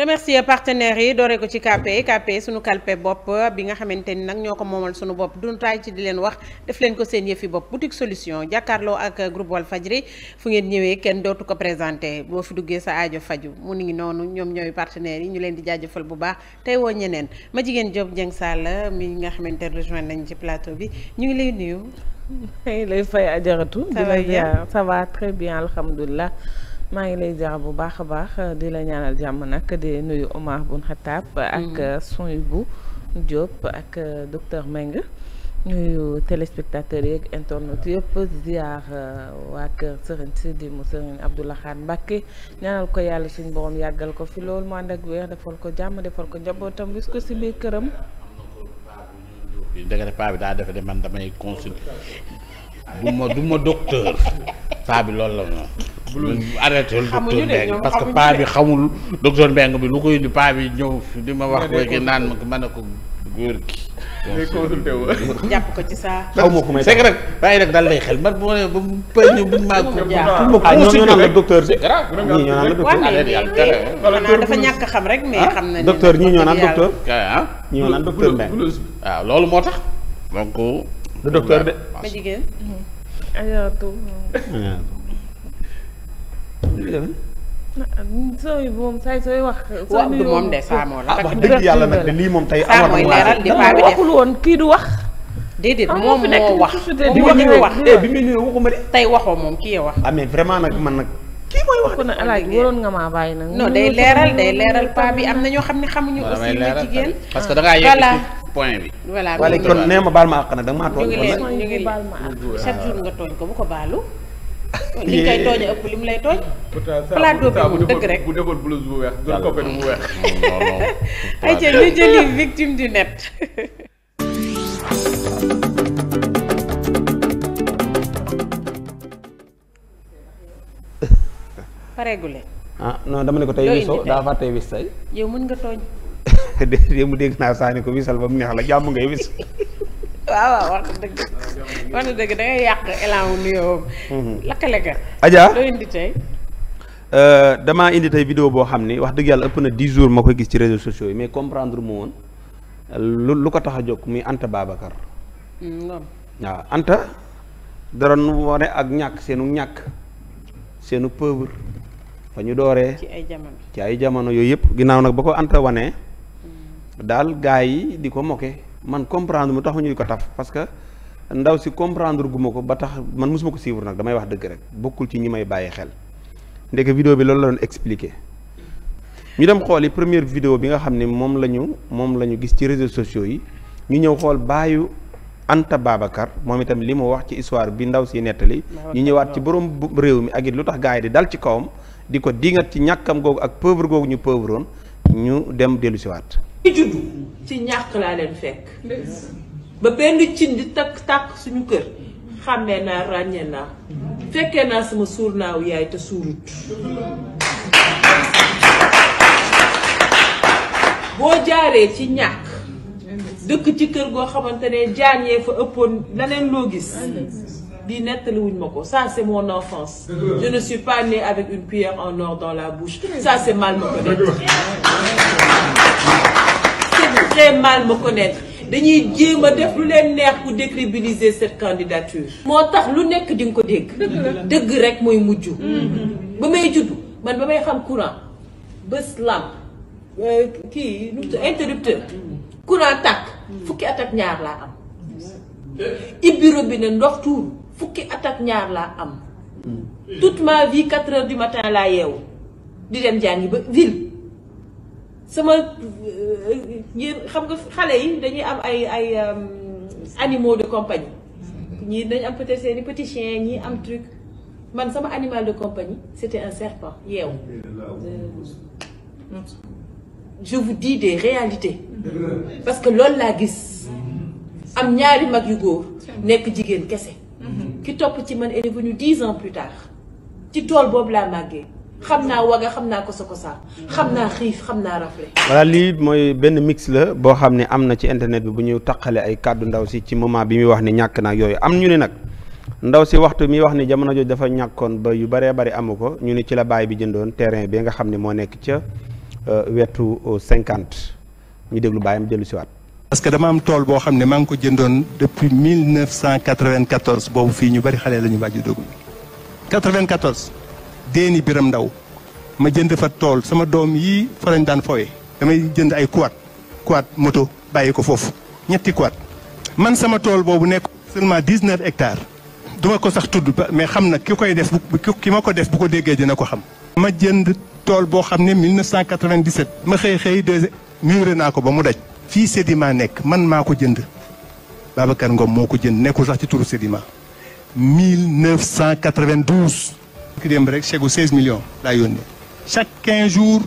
remercier partenaires yi dooree ko ci KP KP suñu kalpe bopp bi nga xamante ni nag ñoo ko moomal suñu bopp duñu taay ci di leen wax def leen ko seen yëfi bopp boutique solution jàkkaarloo ak groupe Walfadjri fu ngeen ñëwee kenn dootu ko présenté boo fi duggee sa aajo faju mu ngi noonu ñoom ñooy partenaires yi ñu leen di jaajëfal bu baax tey woo ñeneen ma jigéen Diop Dieng Sall mi nga xamante ne rejoindre nañ ci plateau bi ñu ngi lay nuyu. lay fay ajaratu. di la ziar ça va maa ngi lay jaar bu baax a baax di la ñaanal jàmm nag di nuyu Omar Bun Xataab ak mm-hmm. Souhaïbou Diop ak docteur Meng ñuyu téléspectateurs yeeg internautes yëpp ziar euh, waa kër Serigne Sidi mu Serigne Abdou Lahad ñaanal ko yàlla suñ borom yàggal ko fi loolu mu ànd ak wér defal ko jàmm defal ko njabootam bis ko si biir këram. dëgg la paa bi daa defe de man damay consulter du ma paa bi loolu la moom. arrêté wul docteur Mbengue parce que paa bi xamul docteur Mbengue bi lu koy paa bi ñëw fi di ma wax léegi naan ma mën a ko góor gi. jàpp ko ci saa. xaw ma ko may rek rek daal lay xel man ba mu pël ñu buñ maa ko. ah ñoo ñoo dafa ñàkk xam rek mais xam na docteur ñii ñoo naan docteur. ah ñii ñoo naan docteur waaw loolu moo tax. donc. le docteur de. ma sooy moom say sooy wax. soo du moom de saamoo la. Ah, wax dëgg yàlla nag de lii moom tay amoon na waxul woon kii du wax. déedéet moom moo wax di wax ñu wax bi muy nuyoo waxuma de. moom kii wax. ah vraiment nag man nag. kii mooy na alaaj waroon nga maa bàyyi nag. non day leeral day leeral paa bi am na ñoo xam ne xamuñu. aussi lu jigéen parce que da ngaa yegg point bi. voilà kon nee ma baal ma àq nag da nga maa tooñ. ñu ngi ko bu ko baalu. li ñu koy tooñ ëpp li mu lay tooñ. plateau bi dëgg rek ay ca ñu jëli victime du net. pareegule. ah non dama ne ko tey wisoo daa fàtte wis tey. yow mën nga tooñ. déedéet mu dégg naa saani ko wisal ba mu neex la jàmm ngay wis. waaw waaw wax dëgg wax dëgg da yàq élan wu nuyoo. Mhm. lakkale ka. Adja indi tey. Euh, damaa boo xam ni wax dëgg yàlla ëpp na dix jours ma koy gis ci réseaux sociaux yi mais comprendre mu woon lu ko tax a jóg muy Anta Babacar. Mm, waaw Anta dara nu wane ak ñàkk seenu ñàkk seenu pauvre fa ñu dooree. ci ay jamono ci ay jamono yooyu yëpp ginnaaw nag ba ko Anta wanee mm. daal gaa yi di ko moke. man comprendre mu tax ñuy ko taf parce que ndaw si comprendre gu ma ko ba tax man mosuma ko suivre nag damay wax dëgg rek bokkul ci ñu may bàyyi xel ndeke vidéo bi loolu la doon expliquer ñu dem xool yi première vidéo bi nga xam ne moom la ñu moom la ñu gis ci réseaux sociaux yi ñu ñëw xool baayu Anta Babacar moom itam li mu wax ci histoire bi ndaw si nettali ñu ñëwaat ci borom réew mi ak it lu tax gars yi di dal ci kawam di ko diingat ci ñàkkam googu ak pauvre googu ñu pauvroon ñu dem dellu siwaat ci juddu ci ñàkk laa leen fekk ba benn cin di takk tàkk suñu kër xàmmee naa ràññee naa fekkee naa sama suur naaw yaay te suurut boo jaaree ci ñàkk dëkk ci kër goo xamante ne jaañee fa ëppoon leneen loo gis lii nettaliwuñ ma ko ça c'est mon enfance je ne suis pas née avec une cuillère en or dans la bouche ça c'est mal ma ko nekk très mal me connaître dañuy jéem a def lu leen neex pour décrédibiliser cette candidature. moo tax lu nekk di nga ko dégg. dëgg rek mooy mujj. Mm-hmm. ba may juddu man ba may xam courant bés lampe euh, kii interrupteur. courant tàkk mm. fukki at ñaar laa am. ibiro bi ne ndox tuuru fukki at ñaar laa am. Mm. toute ma vie quatre heures du matin laa yeewu di dem jàngi ba ville. sama euh, yéen xam nga xale yi dañuy am ay ay euh, animaux de compagnie ñii dañu am peut-être seeni petit chien ñii am truc man sama animal de compagnie c'était un serpent yeew je vous dis des réalités parce que loolu laa gis am ñaari mag yu góor nekk jigéen kese mhm. ki topp ci man est revenu dix ans plus tard ci tool boobu laa màggee xam naa waga xam naa koso kosaa xam naa xiif xam naa rafle voilà lii mooy benn mix la boo xam ne am na ci internet bi bu ñu taqalee ay kàddu ndaw si ci moment bi muy wax ni ñàkk naa yooyu am ñu ne nag ndaw si waxtu mi wax ni jamono jooju dafa ñàkkoon ba yu baree bari amu ko ñu ni ci la baay bi jëndoon terrain bi nga xam ne moo nekk ca euh, wetu euh, cinquante ñu déglu baayam dellu siwaat parce que dama am tool boo xam ne maa ngi ko jëndoon depuis 1994 boobu fii ñu bari xale la ñu wàaju dugg 94 deeni biram ndaw ma jënd fa tool sama doom yi fa lañ daan fowee damay jënd ay kuwaat kuwaat moto bàyyi ko foofu ñetti kuwaat man sama tool boobu nekk seulement dix neuf hectares duma ko sax tudd mais xam na ki koy def ki ma ko def bu ko déggee dina ko xam ma jënd tool boo xam ne 1997 ma xëy xëy de miiré naa ko ba mu daj fii Sedima nekk man maa ko jënd Babacar Ngom moo ko jënd nekkul sax ci turu Sedima 1992 ki démb rek chèque gu millions laa yónnee chaque quinze jours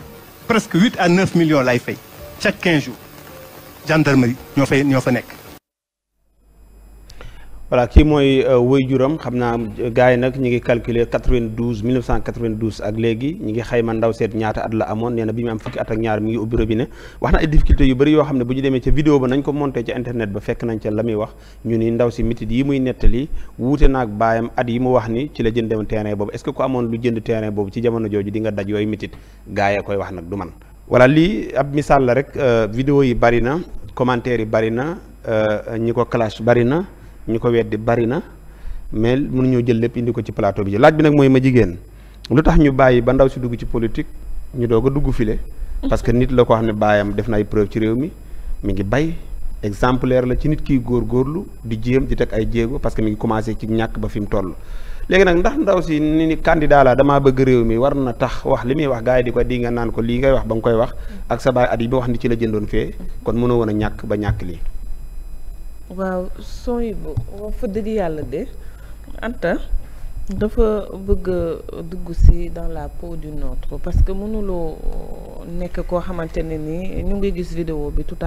presque 8 à 9 millions laay fay chaque 15 jours gendarmerie ñoo fay ñoo fa nekk. voilà kii mooy euh, waajuram xam naa gars yi nag ñu ngi calculer 92 1992 ak léegi ñu ngi xayma ndaw seet ñaata at la amoon nee na bi mu am fukki at ak ñaar mi ngi ubbi robinet wax yoo xam ne bu ñu demee ca ko monté ci internet ba fekk wax ñu si mitit yi muy nettali wuute naag baayam at yi mu wax ni ci la jëndewoon terrain boobu est-ce que lu jënd terrain boobu ci jamono jooju di nga daj yooyu mitit gars yee koy wax nag du man lii ab misaal rek euh, vidéo yi bari na commentaire yi bari na euh, ñi ko clash bari na ñu ko weddi bari na mais ñoo jël lépp indi ko ci plateau bi ci laaj bi nag mooy ma jigéen lu tax ñu bàyyi ba ndaw si dugg ci politique ñu doog a dugg file parce que nit la ko xam ne baayam def na ay preuve ci réew mi mi ngi bay exemplaire la ci nit kiy góorgóorlu di jéem di teg ay jéego parce que mi ngi commencé ci ñàkk ba fi mu toll léegi nag ndax ndaw si ni ni candidat la damaa bëgg réew mi war na tax wax li muy wax gars yi di ko di naan ko lii ngay wax ba nga koy wax ak sa baay at yi wax ni ci la jëndoon fee kon mënoo woon a ñàkk ba ñàkk lii waaw son yi bu fa dëgg yàlla de Anta dafa bëgg dugg si dans la peau du nôtre parce que mënuloo euh, nekk koo xamante ne ni ñu ngi gis vidéo bi tout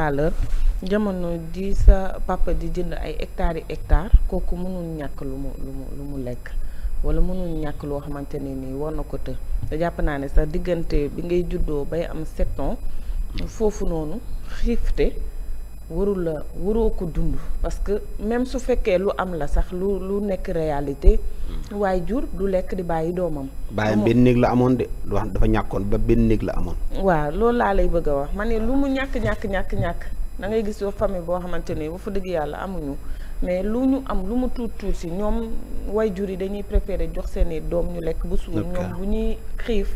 jamono ji sa papa di jënd ay hectares yi hectares kooku mënul ñàkk lu mu lu mu lu mu lekk wala mënul ñàkk loo xamante ne nii war na ko të te jàpp naa ne sax diggante bi ngay juddoo bay am sept foofu noonu xiifte warul la waroo ko dund parce que même su fekkee lu am la sax lu lu nekk réalité hmm. waaye jur du lekk di bàyyi doomam bàyyam benn néeg la amoon de wax dafa ñàkkoon ba benn néeg la amoon waa loolu laa lay bëgg a wax ma ne lu mu ñàkk ñàkk ñàkk ñàkk da ngay gis yoo famille boo xamante ne bu fa dëgg yàlla amuñu mais lu ñu am lu mu tuut tuut si ñoom way jur yi dañuy préféré jox seeni doom ñu lekk bu suur ñoom bu ñuy xiif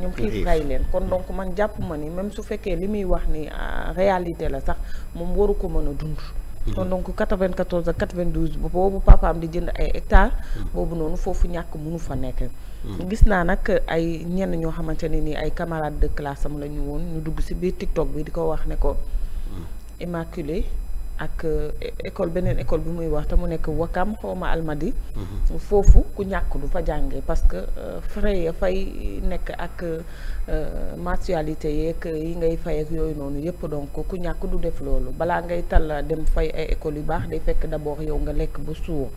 ñoom xiif rey leen kon donc man jàpp ma ni même su fekkee li muy wax ni ah, réalité la sax moom waru ko mën a dund mhm. kon donc 94 ak 92 boobu am di jënd ay hectares. Mhm. boobu noonu foofu ñàkk mënu fa nekk. Mhm. gis naa nag ay ñenn ñoo xamante ne nii ay camarades de classe am la ñu woon ñu dugg ci biir TikTok bi di ko wax ne ko immaculé ak euh, école beneen école bi muy wax te mu nekk Wakam xawma Almadi mhm. foofu ku ñàkk du fa jàngee parce que euh, frais ya fay nekk ak yee euh, yeeg yi ngay fay ak yooyu noonu yëpp donc ku ñàkk du def loolu balaa ngay tal dem fay ay école yu baax day fekk d'abord yow nga lekk ba suur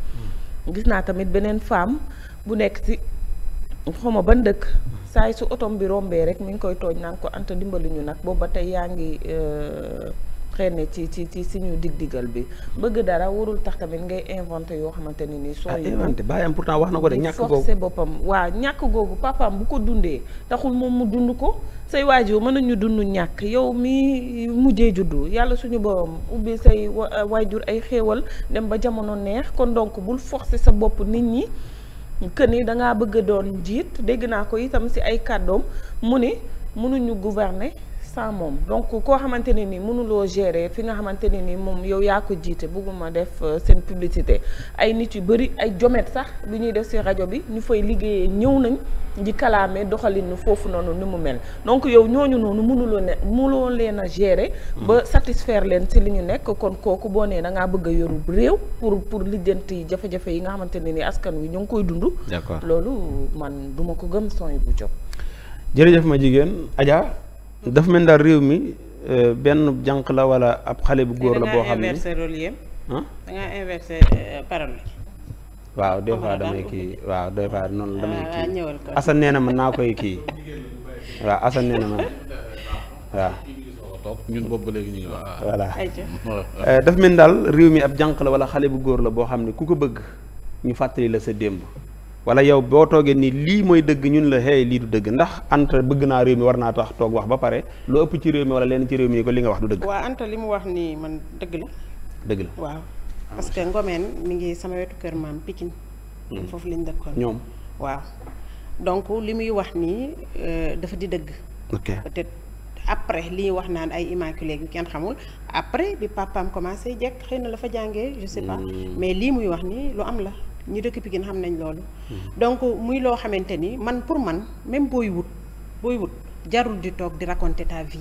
mhm. gis naa tamit beneen femme bu nekk ci xawma ban dëkk saay su otom bi rombee rek mu ngi koy tooñ naan ko anta dimbali ñu nag booba tey yaa ngi xëy na ci ci ci suñu dig-digal bi bëgg dara warul tax tamit ngay inventé yoo xamante ne nii. soo ah, inventé bàyyi am pourtant wax na ko de ñàkk googu forcé boppam waaw ñàkk googu papaam bu ko dundee taxul moom mu dund ko say waajur mën nañu dund ñàkk yow mi mujjee juddu yàlla suñu borom ubbi say euh, waajur ay xéewal dem ba jamono neex kon donc bul forcé sa bopp nit ñi. que ni da ngaa bëgg a doon jiit dégg naa ko itam ci ay kàddoom mu ni mënuñu gouverner sans moom donc koo xamante ne ni mënuloo gérer fi nga xamante ne ni moom yow yaa ko jiite bëgguma def euh, seen publicité ay nit yu bëri ay jomet sax lu ñuy def si rajo bi ñu fay liggéeyee ñëw nañ di kalaame doxalinu foofu noonu ni mu mel donc yow ñooñu noonu mënuloo ne mënuloo leen a gérer. Hmm. ba satisfaire leen si li ñu nekk kon kooku boo nee da ngaa bëgg a yoru réew pour pour lijjanti jafe-jafe yi nga xamante ne ni askan wi ñu ngi koy dund. d'accord loolu man duma ko gëm son yi bu jóg. jërëjëf ma dafa mel daal réew mi euh, benn jànq la wala ab xale bu góor la boo xam ne da nga inversé euh, parole waaw des damay kii waaw des fois noonu damay ah, kii Assane nee na naa koy kii waaw Assane nee na man waaw ñun boobu ñu ngi euh, daal réew mi ab jànq la wala xale bu góor la boo xam ne ku ko bëgg ñu fàttali la sa démb wala yow boo toogee nii lii mooy dëgg ñun la hey lii du dëgg ndax Anta bëgg naa réew mi war naa tax toog wax ba pare lu ëpp ci réew mi wala leen ci réew mi ni ko li nga wax du dëgg. waaw li mu wax nii man dëgg la. dëgg la parce que Ngomeen mi ngi sama wetu kër maam Pikine. Hmm. foofu lañ dëkkoon ñoom. waaw donc li muy wax nii euh, dafa di dëgg. ok peut-être après li wax naan ay immaculé yu kenn xamul après bi papaam commencé jekk xëy na la fa jàngee je sais pas hmm. mais lii muy wax nii lu am la. ñu dëkk Pikine xam nañ loolu. Hmm. donc muy loo xamante ni man pour man même booy wut booy wut jarul di toog di raconter ta vie.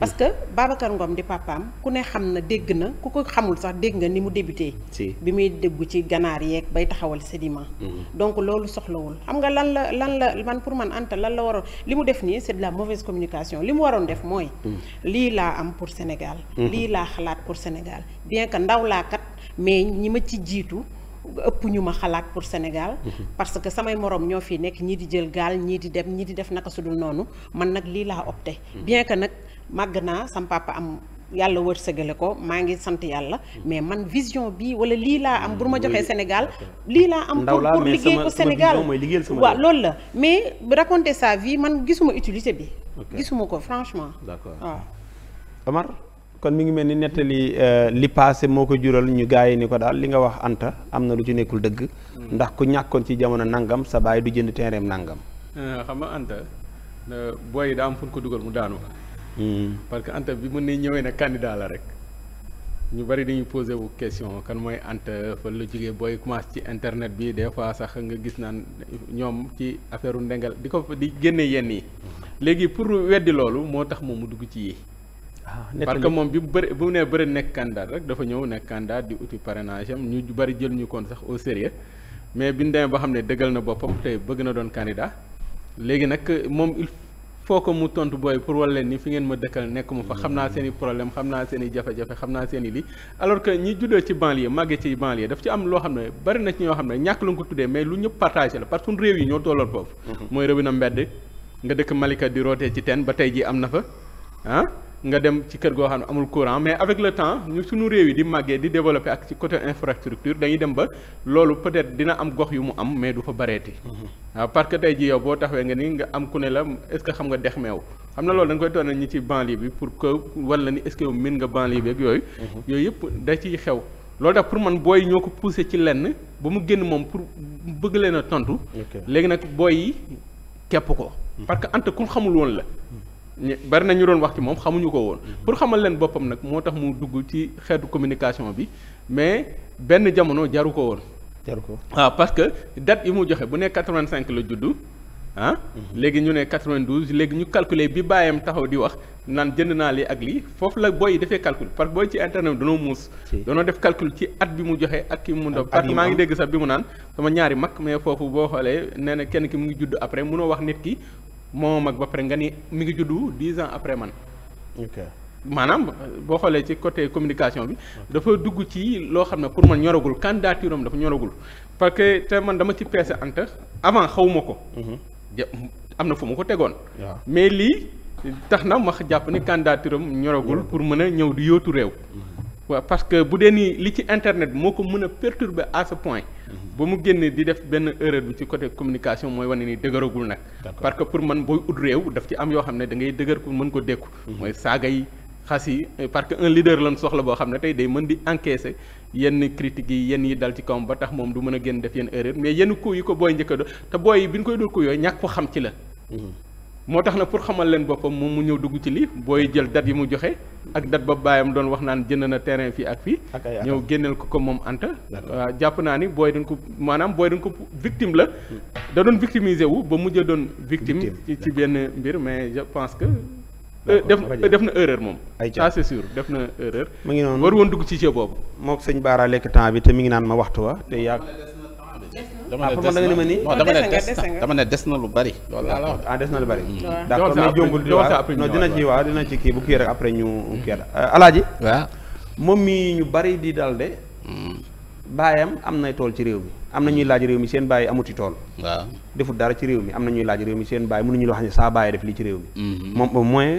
parce que Babacar ngoom di papaam ku ne xam na dégg na ku ko xamul sax dégg nga ni mu débuté. si bi muy déggu ci ganaar yeeg bay taxawal sédiment. Hmm. donc loolu soxlawul xam nga lan la lan la man pour man Anta lan la waroon li mu def nii c'est de la mauvaise communication li mu waroon def mooy. Hmm. lii laa am pour Sénégal. lii laa xalaat pour Sénégal bien que mais ñi ma ci jiitu. ëpp ñu ma xalaat pour Sénégal. Mhm. parce que samay morom ñoo fi nekk ñii di jël gaal ñii di dem ñii di def naka su dul noonu man nag lii laa opté. Mhm. bien que nag màgg naa sam am. yàlla wërsëgale ko maa ngi sant yàlla mhm. mais man vision bi wala lii laa am bu ma joxee Sénégal lii laa am pour pour liggéey ko Sénégal waa loolu la mais raconter sa vie man gisuma utilité bi gisuma ko franchement d'accord waaw kon mi ngi mel ni nettali euh, li passé moo ko jural ñu gars yi ni ko daal li nga wax Anta am na lu ci nekkul dëgg. Hmm. ndax ku ñàkkoon ci jamono nangam sa baay du jënd terrain nangam. Euh, xam nga Anta euh, booy yi daa am fu ko dugal mu daanu. Hmm. parce que Anta bi mën nañ ñëwee nag candidat la rek. ñu bari dañuy posé wu question kan mooy Anta fa la jigee booy commencé ci internet bi des fois sax nga gis naan ñoom ci affaire u ndengal di ko di génne yenn yi. Hmm. léegi pour weddi loolu moo tax moom mu dugg ci waaw ah, parce que moom bi mu bëri bu mu nee bëri nekk candidat rek dafa ñëw nekk candidat di uti parrainage am ñu bëri jël ñu kon sax au mais bi ñu demee ba xam ne dëggal na boppam te bëgg na doon candidat léegi nag moom il faut que mu tontu booy pour wala leen ni fi ngeen ma dëkkal nekk mu fa xam naa seeni i problème xam naa seen i jafe-jafe xam naa seen i lii alors que ñi juddoo ci banlieue màggee ci banlieue daf ci am loo xam ne bëri na ci ñoo xam ne ñàkk lu ko mais lu ñëpp partagé la parce que suñu réew yi ñoo tolloon foofu mm-hmm. mooy rëbina mbedd nga dëkk Malika di rootee teen ba tey ji am na fa ah nga dem ci kër goo xam ne amul courant mais avec le temps ñu suñu réew yi di màggee di développer ak ci côté infrastructure dañuy dem ba loolu peut-être dina am gox yu mu am mais du fa bareeti waaw mm-hmm. ah, parce que tey ji yow boo taxawee nga ni nga am ku ne la est-ce que xam nga dex meew xam na loolu dañ koy toon ñi ci banlieue bi pour que wala ni est-ce que yow mën nga banlieue bi ak yooyu mm-hmm. yooyu yëpp da ciy xew loolu tax pour man booy ñoo ko poussé ci lenn ba mu génn moom pour bëgg leen a tontu léegi nag booy kepp ko mm-hmm. parce que ante ku xamul woon la bari na ñu doon wax ci moom xamuñu ko woon. pour xamal leen boppam nag moo tax mu dugg ci xeetu communication bi mais benn jamono jaru ko woon. jaru ko waaw ah, parce que dat yi mu joxe bu ne 85 la juddu ah. Mhm. léegi ñu ne 92 léegi ñu calculer bi bàyyam taxaw di wax naan jënd naa li ak lii foofu la booy yi defee calcul parce que booy ci internet danoo muus. danoo def calcul ci at bi mu joxe ak ki mu ndaw. parce que maa ngi dégg sax bi mu naan sama ñaari mag mais foofu boo xoolee nee na kenn ki mu judd après munoo wax nit ki. moo mag ba pare nga ni mi ngi juddu dix ans après man. ok maanaam boo xoolee ci côté communication bi. dafa dugg ci loo xam ne pour man ñoragul candidature am dafa ñoragul. parce que te man dama ci peese anta avant xawuma ko. Mhm. am na fu ma ko tegoon. mais lii tax na ma jàpp ni candidature am ñoragul pour mën a ñëw di yootu réew. Mhm. waaw parce que bu dee ni li ci internet moo ko mën a perturber à ce point. ba mu génne di def benn erreur bi ci côté communication mooy wane nii dëgëragul nag. parce que pour man booy ut réew daf ci am yoo xam ne da ngay dëgër pour mën ko dékku. Mhm. mooy saaga yi xas yi parce que un leader lan soxla boo xam ne tey day mën di encaisser yenn critiques yi yenn yi dal ci kawam ba tax moom du mën a génn def yenn erreur mais yenn coup yi ko booy njëkk a do te booy yi bi ñu koy dóor xam ci la. Mhm. moo tax na pour xamal leen boppam moom mu ñëw dugg ci lii booy jël dat yi mu joxe ak date ba baayam doon wax naan jënd na terrain fii ak fii ñëw génneel ko ko moom Anta jàpp naa ni booy dañ ko maanaam booy dañ ko victime la da doon victimiser wu ba mujj doon victime ci benn mbir mais je pense que euh, def def na erreur moom ça c'est sûr def na erreur mu ngi noonu woon dugg ci jeu boobu mook sëñ Baara lekk temps bi te mi ngi naan ma waxtu wa te yàgg dama ne ma nii. dama ne des na dama ah, des na lu bari. loolu laa des na lu bari. d'accord mais jombul dina ci waaw dina ci kii bu kii rek après ñu kii rek euh, alaaji moom mi ñu bari di dal de. Hmm. baayam am na tool ci réew mi am na ñuy laaj réew mi seen baay amuti tool. waaw defut dara ci réew mi am na ñuy laaj réew mi seen baay mënuñu la wax ne saa baay def lii ci réew mi. Hmm. moom au moins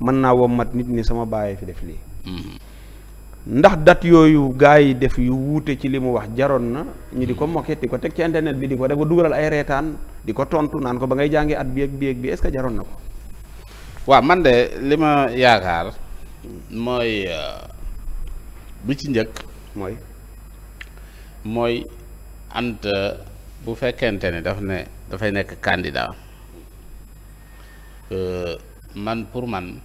mën naa woo mat nit ñi sama baay fi def lii. Hmm. ndax dat yooyu gars yi def yu wuute ci li mu wax jaroon na ñu di ko moquette di ko teg ci internet bi di ko def ba dugalal ay reetaan di ko tontu naan ko ba ngay jàngee at bi ak bi ak bi est-ce jaroon na ko. waaw man de li ma yaakaar mooy euh, bu ci njëkk. mooy mooy Anta bu fekkente ne daf ne dafay nekk candidat euh, man pour man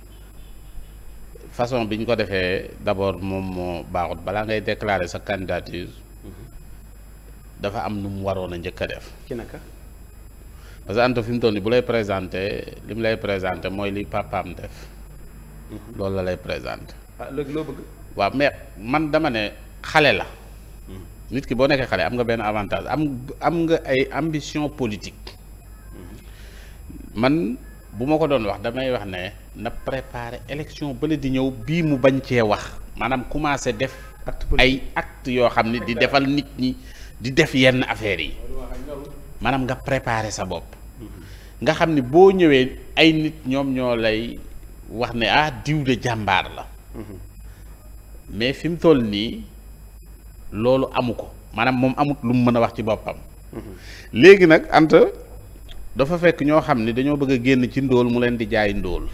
façon bi ñu ko defee d'abord moom moo baaxut balaa ngay déclarer sa candidature dafa am nu mu waroon a njëkk a def. ci naka. parce que Anta fi mu toll nii bu lay présenté li mu lay présenté mooy li papaam def. Mhm. loolu la lay présenté. ah léegi loo bëgg. waaw mais man dama ne xale la. Mhm. nit ki boo nekkee xale am nga benn avantage am am nga ay ambition politique. Mhm. man bu ma ko doon wax damay wax ne. na préparer élection bala di ñëw bii mu bañ cee wax maanaam commencé def ay acte yoo xam ne di defal nit ñi di def yenn affaires yi maanaam nga préparer sa bopp nga xam ni boo ñëwee ay nit ñoom ñoo lay wax ne ah diw de jàmbaar la mais fi mu toll nii loolu amu ko maanaam moom amut lu mu mën a wax ci boppam léegi nag Anta dafa fekk ñoo xam ne dañoo bëgg a génn ci ndóol mu leen di jaay ndóol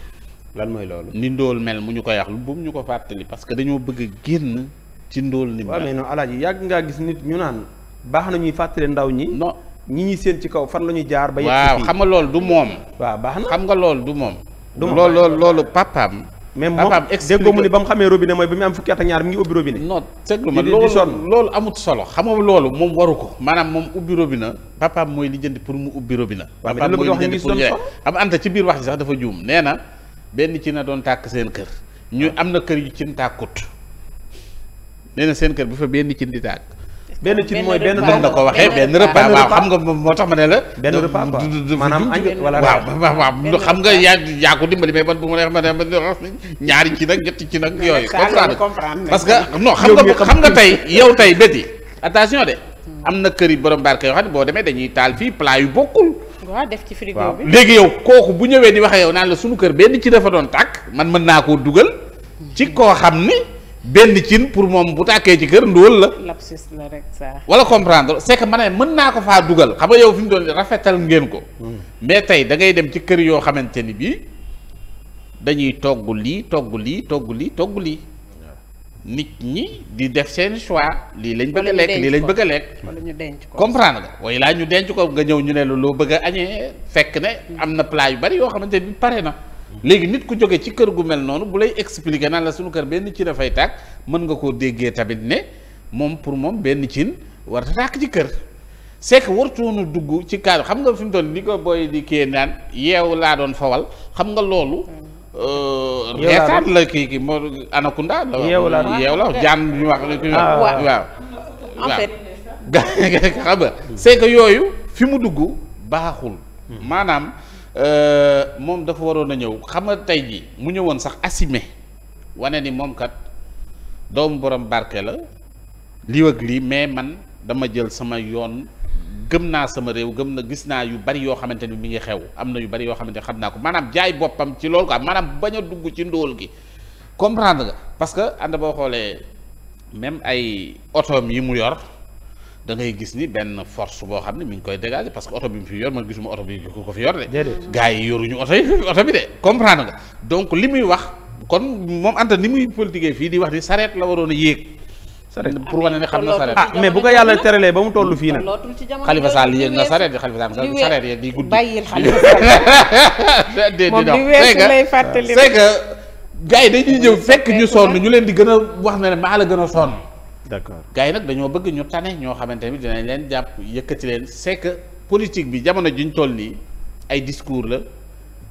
lan mooy loolu. ni ndóol mel mu ñu ko wax lu bu ñu ko fàttali parce que dañoo bëgg a génn ci ndóol. ni mel mais non alaaji yàgg ngaa gis nit ñu naan baax na ñuy fàttali ndaw ñi. non ñi ñi séen ci kaw fan la ñuy jaar. ba yegg xam nga loolu du moom. waaw baax na xam nga loolu du moom. du moom loolu loolu papaam. même moom déggoo mu ni ba mu mu am fukki loolu loolu solo xam nga loolu moom waru ko maanaam moom ubbi robinet papaam mooy li pour mu ubbi robinet papaam mooy li ci biir wax ji sax dafa juum nee na benn ci na doon tàkk seen kër ñu ah. am na kër yu cin tàkkut nee na seen kër bu fa benn cin di tàkk benn cin mooy benn doom la ko waxee benn repas waaw xam nga moo tax ma ne la benn repas maanaam añ wala waaw waaw xam nga yaa yaa ko dimbali mais ban bu ma neex ma ne ma ñaari ci nag ñetti ci nag yooyu comprendre parce que non xam nga xam nga tey yow tey béti hmm. attention de am na kër yi borom barke yoo xam ne boo demee dañuy taal fii plat yu bokkul waaw def ci léegi yow kooku bu ñëwee di wax yow naan la sunu kër benn ci dafa doon tàkk man mën naa koo dugal. ci hmm. koo xam ni benn cin pour moom bu tàkkee ci kër ndóol la. lapsus rek wala comprendre c'est que mën naa ko faa dugal xam nga yow fi mu doon rafetal ngeen ko. Hmm. mais tey da ngay dem ci kër yoo xamante ni bii dañuy togg lii togg lii togg lii togg lii. nit ñi di def seen choix lii lañ bëgg a lekk lii lañ bëgg a lekk comprendre nga waaye laa ñu denc ko nga ñëw ñu ne la loo bëgg a añee fekk ne am na plat yu bari yoo xamante bi pare na léegi nit ku jóge ci kër gu mel noonu bu lay expliquer naan la suñu kër benn cin dafay tàkk mën nga koo déggee tamit ne moom pour moom benn cin war a tàkk ci kër c'est que nu dugg ci kaaru xam nga fi mu toll ni ko booy di naan yeew laa doon fawal xam nga loolu hmm. Euh, reetaan la kii kii moo Anacounda. yeewu la yeewu la jaan bi ñu wax. Ah. waaw waaw yooyu fi mu dugg baaxul. maanaam euh, moom dafa waroon a ñëw xam nga tey jii mu ñëwoon sax assumé wane ni moom kat doomu borom barke la lii ak lii mais man dama jël sama yoon. gëm naa sama réew gëm na gis naa yu bari yoo xamante ni mi ngi xew am na yu bari yoo xamante ni xam naa ko maanaam jaay boppam ci loolu quoi maanaam bañ a dugg ci ndóol gi comprendre nga parce que ànd boo xoolee même ay otoom yi mu yor da ngay gis ni benn force boo xam ne mi ngi koy dégager parce que oto bi fi yor man gisuma oto bi ku ko fi yor de. déedéet gars yi li muy wax kon moom Anta ni muy politiquer fii di wax ni sareet la waroon a yéeg. sareet pour wane ne xam na sareet ah mais bu ko yàlla teralee ba mu toll fii nag xalifa Sall yéeg na sareet yi xalifa Sall sareet yi di guddi bàyyil xalifa Sall di dox c'est que c'est que gars yi dañuy ñëw fekk ñu sonn ñu leen di gën a wax ne maa la gën a sonn d'accord gars yi nag dañoo bëgg ñu tane ñoo xamante ni dinañ leen jàpp yëkkati leen c'est que politique bi jamono juñ toll nii ay discours la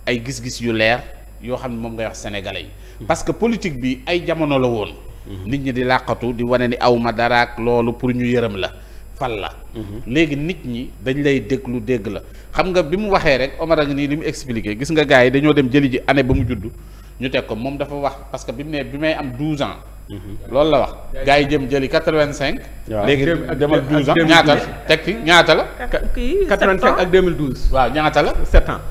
ay gis-gis yu leer yoo xam ne moom ngay wax sénégalais yi hmm. parce que politique bi ay jamono la woon nit ñi di làqatu di wane ni aw ma dara ak loolu pour ñu yërëm la fal la mm-hmm. léegi nit ñi dañ lay déglu dégg la xam nga bi mu waxee rek Omar a ngi nii li mu expliqué gis nga gars yi dañoo dem jëli ji année ba mu juddu ñu teg ko moom dafa wax parce que bi mu nee bi may am 12 ans mm-hmm. loolu la wax gaa yi jëm jëli quatre vingt cinq léegi demal douze ans ñaata la teg fi ñaata la quatre vingt cinq ak deux douze waaw ñaata la sept ans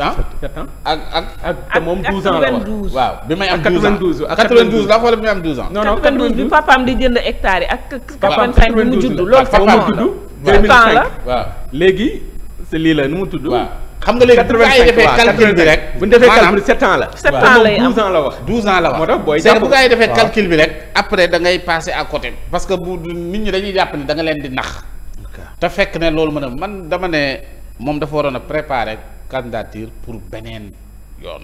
ah sept ans ak ak. ak te moom 12 ans la wax waaw bi may am 12 ans ak 92 la wala bi may am 12 ans. non non 92 bi papaam di jënd hectare yi ak. papaam 92 bi mu judd loolu papaam la waaw papaam la waaw léegi lii la nu mu tudd. waaw xam nga léegi bu gaa yi defee calcul bi rek. bu ñu defee calcul bi 7 ans la. 7 ans lay am 12 ans la wax. 12 ans la wax moo tax booy jàpp bu gaa yi defee calcul bi rek. après da ngay passé à côté. parce que bu nit ñi dañuy jàpp ne da nga leen di nax. te fekk ne loolu mën a man dama ne moom dafa waroon a préparer candidature pour beneen yoon.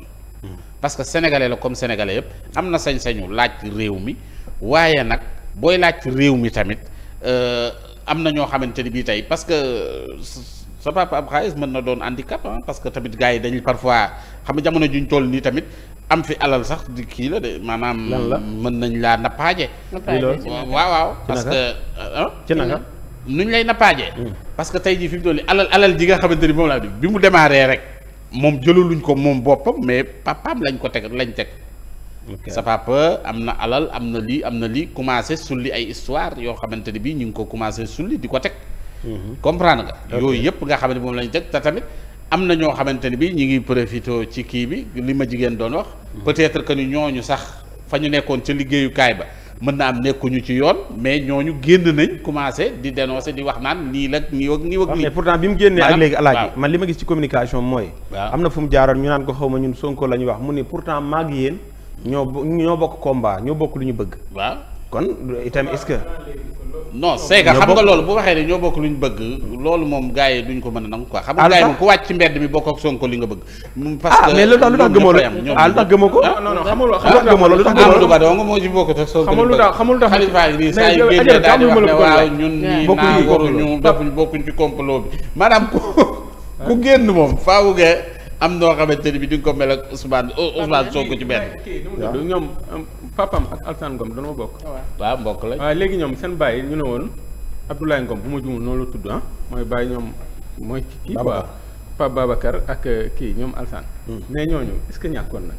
parce que sénégalais la comme sénégalais yëpp am na sañ-sañu laaj réew mi waaye nag booy laaj réew mi tamit euh, am na ñoo xamante ni bii tey parce que euh, sa papa am xaalis mën na doon handicap ah parce que tamit gars yi dañuy parfois xam nga jamono juñ toll nii tamit am fi alal sax di kii la de maanaam. mën nañ laa nappaaje. waaw waaw parce ah, ci nanga nuñ lay nappaaje mm. parce que tey jii fi mu toll alal alal ji nga xamante ni moom laa di bi mu démarré rek moom jëlaluñ ko moom boppam mais papaam lañ ko teg lañ teg. sa papa am na alal am na lii am na lii commencé sulli ay histoire yoo xamante ni bii ñu ngi ko commencé sulli di ko teg. Mm-hmm. comprendre nga. yooyu yëpp nga xam ne moom lañ teg te tamit am na ñoo xamante ni bii ñu ngi profité ci kii bi li ma jigéen doon wax. Mm-hmm. peut-être que ni ñooñu sax fa ñu nekkoon ca liggéeyukaay ba. mën naa am nekkuñu ci yoon mais ñoo ñu génn nañ commencé di dénoncer di wax naan nii la nii ak nii ak lii. mais pourtant bi mu génnee ak léegi alaaji man li ma gis ci communication mooy. am na fu mu jaaroon ñu naan ko xaw ma ñun Sonko la ñu wax mu ne pourtant maag yéen ñoo ñoo bokk combat ñoo bokk lu ñu bëgg. waaw kon itam est-ce que. non c'est que xam nga loolu bu waxee ne ñoo bokk lu ñu bëgg loolu moom gars yi duñ ko mën a nangu quoi xam nga ah, gars yi moom ku wàcc ci mbedd mi bokk ak Sonko li nga bëgg parce ah, que mais lu tax lu tax gëmoo la ah, lu tax gëmoo ko non non xamul lu tax gëmoo la lu tax gëmoo la Amadou Ba dong moo ci bokkut ak Sonko xamul lu tax xamul lu tax Khalifa yi saa yu génne daal di wax ne waaw ñun ñii naa waruñu bokkuñ bokkuñ ci complot bi maanaam ku ku génn moom faawu gee am noo xamante ni bi di ko mel ak Ousmane Ousmane Sonko ci benn. waaw ñoom papam ak Alsane Ngom danoo bokk. Ah waaw mbokk la léegi ñoom seen bàyyi ñu ne woon Abdoulaye Ngom bu ma juumul noonu la tudd ah mooy bàyyi ñoom mooy. kii quoi Pape Babacar ak euh, kii ñoom Alsane. Hmm. mais ñooñu est-ce que ñàkkoon na.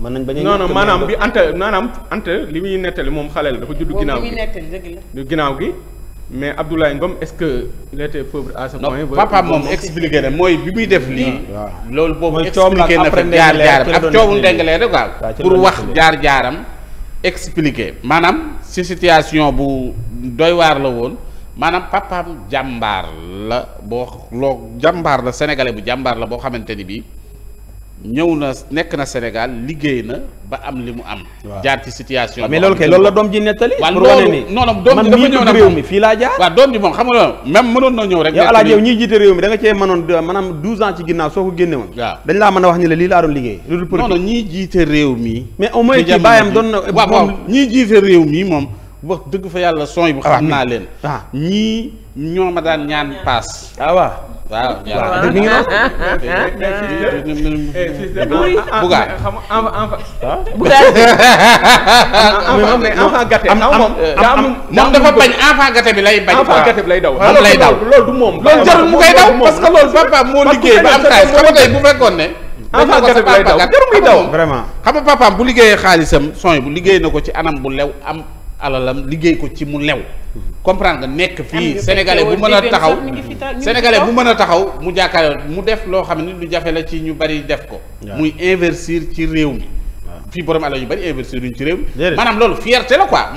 mën nañ bañ a non non maanaam bi Anta maanaam Anta li muy nettali moom xale la dafa judd ginnaaw gi. ginnaaw gi. mais Abdoulaye Ngom est-ce que il était papa moom expliqué na mooy bi muy def lii. loolu boobu expliqué na fa jaar jaaram ak coowul ndengalee rek waaw pour wax jaar jaaram expliqué maanaam si situation bu doy waar la woon maanaam papaam jàmbaar la boo loo jàmbaar la sénégalais bu jàmbaar la boo xamante ni bii. ñëw na nekk na Sénégal liggéey na ba am li mu am. jaar ci situation. Ah, mais loolu kay loolu la doom ji nettali. pour wane ni non non doom ji dafa ñëw na réew mi fii laa a wax ni la lii laa doon liggéey. loolu politique non non ñiy jiite réew mi. mais au moins ci bàyyam doon na. waaw waaw jiite réew mi moom. wax dëgg fa yàlla son bu ah, xam naa leen. Ah. ñii ñoo ma daan ñaan paas. ah waaw ñaar mi ngi noonu. bugaay xam nga enfant gâté. am moom dafa bañ enfant gâté bi lay bañ. enfant gâté bi lay daw. moom lay daw loolu du moom. loolu jarul mu koy daw parce que loolu papa moo liggéey ba am xaalis xam nga tey bu fekkoon ne. enfant gâté bi lay daw jarul muy daw. vraiment xam nga papaam bu liggéeyee xaalisam son bu liggéey na ko ci anam bu lew am. alalam liggéey ko ci mu lew comprendre nga nekk fii sénégalais bu mën a taxaw sénégalais bu mën a taxaw mu jàkkaarloo mu def loo xam ne lu jafe la ci ñu bari def ko muy investir ci réew mi fii borom alal yu bari investir yuñ ci réew mi maanaam loolu fierté la quoi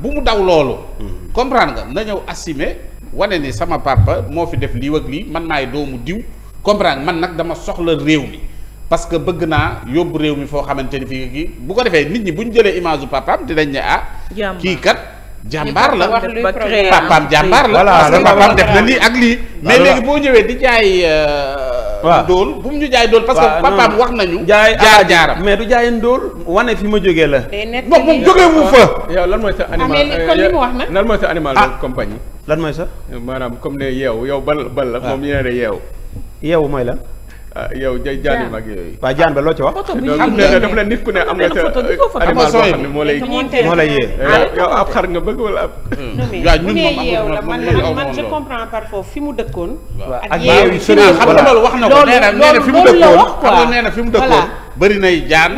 bu mu daw loolu mm-hmm. comprendre nga na ñëw assumer wane ni sama papa moo fi def lii ak lii man maay doomu diw comprendre man nag dama soxla réew mi parce que bëgg naa yóbbu réew mi foo xamante ni fii kii bu ko defee nit ñi bu ñu jëlee image u papaam dinañ ne ah. kii kat jàmbaar la papaam jàmbaar la. parce que papaam def na lii ak lii. mais léegi boo ñëwee di jaay. waaw euh, ndóol bu mu ñu jaay ndóol parce que papaam wax nañu. jaay jaar jaaram mais du jaayee ndóol. wane fi ma jógee la. moom moom jógee wu fa. yow lan mooy sa ah, animal lan mooy sa animal ah. lan mooy sa. maanaam comme ne yeew yow bal bal la ah. moom ñu ne yeew. yeew mooy la Ah, yow jay jaani mag yooyu. waaw jaan ba loo ci wax. am na dafa la nit ku ne am nga sa euh, animal boo xam ne moo lay yee. yow ab xar nga fi mu dëkkoon. ak yeew yi sori xam nga loolu wax na ko nee fi mu dëkkoon nee na fi mu dëkkoon. bëri nay jaan.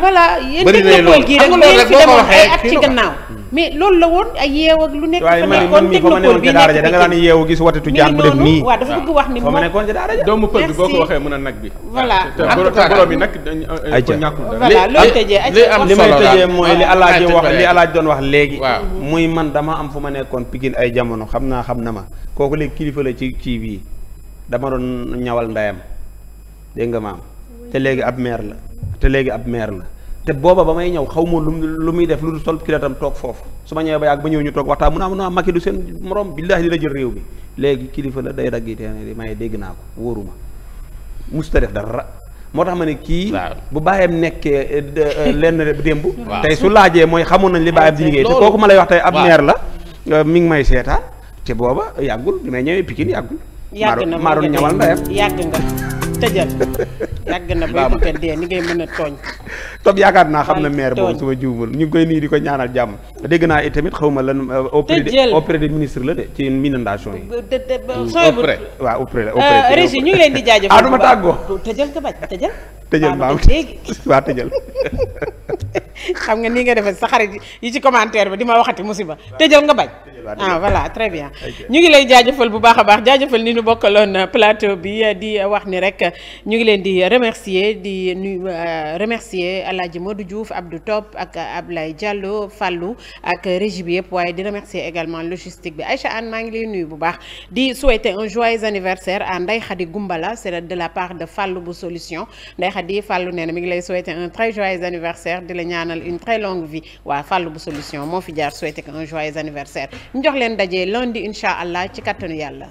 bëri nay loolu xam nga loolu rek boo ko waxee mais loolu la woon ay yeew ak lu nekk fa nekkoon technopole bi nekk da nga daan yeewu gis watatu jaan bu def nii waaw dafa bëgg wax ni moom nekkoon ci daara ja doomu pël a nag bi voilà borom bi nag euh, ñàkkul voilà loolu tëjee li may tëjee mooy li li alaaji doon wax léegi muy man dama am fu ma nekkoon Pikine ay jamono xam naa xam na ma kooku léegi kilifa la ci kii bii dama doon ñawal ndayam dégg nga maam te léegi ab meer la te léegi ab meer la te booba ba may ñëw xaw ma lu muy def lu sol kilatam toog foofu su ma ñëwee ba yàgg ba ñëw ñu toog waxtaan mu ne ah mu ne Macky du seen morom billaahi dina jël réew mi léegi kilifa la day dagg teen di may dégg naa ko wóoruma musta def dara moo tax ma ne kii. bu bàyyam nekkee eh, eh, lenn démb. tey su laajee mooy xamoon nañ li bàyyam di liggéey te kooku ma lay wax tey ab maire la. Eh, mi ngi may seetaan te booba yàggul li may ñëwee Pikine yàggul. yàgg na maaru ñawal ndeyam yàgg nga tëjal yàgg na a dee ni ngay mën a tooñ toog yaakaar naa xam na maire boobu su ma juumul ñu ngi koy di ko ñaanal dégg naa itamit xaw ma lan euh, auprès des la de ci inondation yi mm, sooybu waaw auprès la euh, auprès régi ñu ngi leen di jaajëf ah ma tàggoo tëjal ka waa tëjal xam nga nii nga defee sa xarit yi ci commentaire ba di ma waxati musiba tëjal nga baj ah voilà très bien ñu ngi lay jaajëfal bu baax a baax jaajëfal ni ñu bokkaloon plateau bi di wax ni rek ñu ngi leen di remercier di nuyu euh, remercier El Hadj Modou Diouf Abdou Top ak Ablaye Diallo Fallou ak régie bi yëpp waaye di remercier également logistique bi Aïcha Anne maa ngi lay nuyu bu baax di souhaiter un joyeux anniversaire à Ndeye Khady Goumbala c'est de la part de Fallou bu solution Ndeye Khady Fallou nee na mi ngi lay souhaiter un très joyeux anniversaire di la ñaanal une très longue vie waa Fallou bu solution moo fi jaar souhaiter un joyeux anniversaire ñu jox leen daje lundi incha allah ci kattanu yàlla.